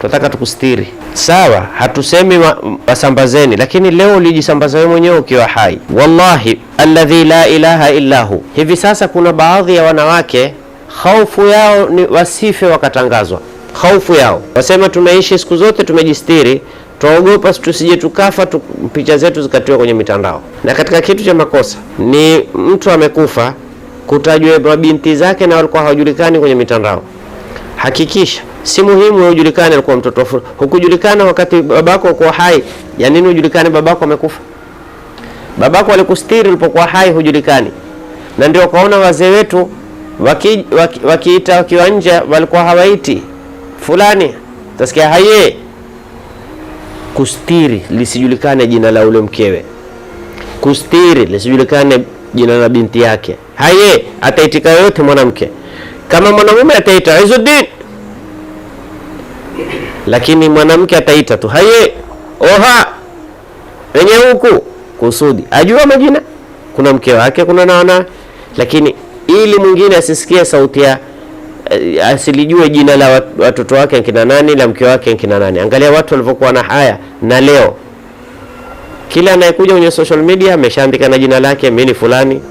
tunataka tukustiri, sawa. Hatusemi wasambazeni, lakini leo ulijisambaza wewe mwenyewe ukiwa hai. Wallahi alladhi la ilaha illa hu. Hivi sasa kuna baadhi ya wanawake haufu yao ni wasife wakatangazwa, haufu yao wasema, tumeishi siku zote tumejistiri, twaogopa tusije tukafa tu, picha zetu zikatiwa kwenye mitandao. Na katika kitu cha makosa ni mtu amekufa kutajwe mabinti zake na walikuwa hawajulikani kwenye mitandao hakikisha si muhimu wewe ujulikane alikuwa mtoto wa fulani. Hukujulikana wakati babako kwa hai, ya nini ujulikane babako amekufa? Babako alikustiri ulipokuwa hai, hujulikani. Na ndio ukaona wazee wetu wakiita waki, waki wakiwa nje walikuwa hawaiti fulani, tasikia haye, kustiri lisijulikane jina la ule mkewe, kustiri lisijulikane jina la binti yake, haye ataitika yoyote mwanamke kama mwanamume ataita izuddin lakini mwanamke ataita tu haye, oha, wenye huku, kusudi ajua majina, kuna mke wake, kuna naona lakini ili mwingine asisikie sauti ya eh, asilijue jina la watoto wake nkina nani, la mke wake nkina nani. Angalia watu walivyokuwa na haya, na leo kila anayekuja kwenye social media ameshaandika na jina lake, mimi ni fulani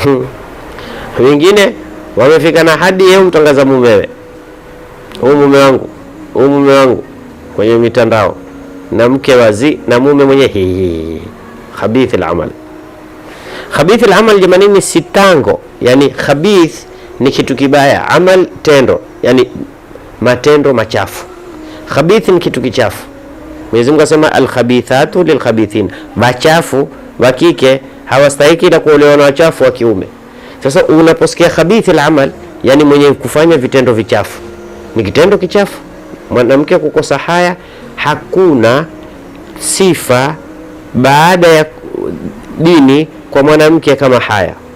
Wengine wamefika na hadi yeye mtangaza mumewe, huyu mume wangu, huyu mume wangu kwenye mitandao, na mke wazi na mume mwenye hii khabith al-amal. Khabith al-amal jamani, ni sitango, yani khabith ni kitu kibaya, amal tendo, yani matendo machafu. Khabith ni kitu kichafu. Mwenyezi Mungu asema al-khabithatu lil-khabithin, machafu wa kike hawastahiki na kuolewa na wachafu wa kiume. Sasa unaposikia khabithi al-amal, yani mwenye kufanya vitendo vichafu, ni kitendo kichafu mwanamke kukosa haya. Hakuna sifa baada ya dini kwa mwanamke kama haya.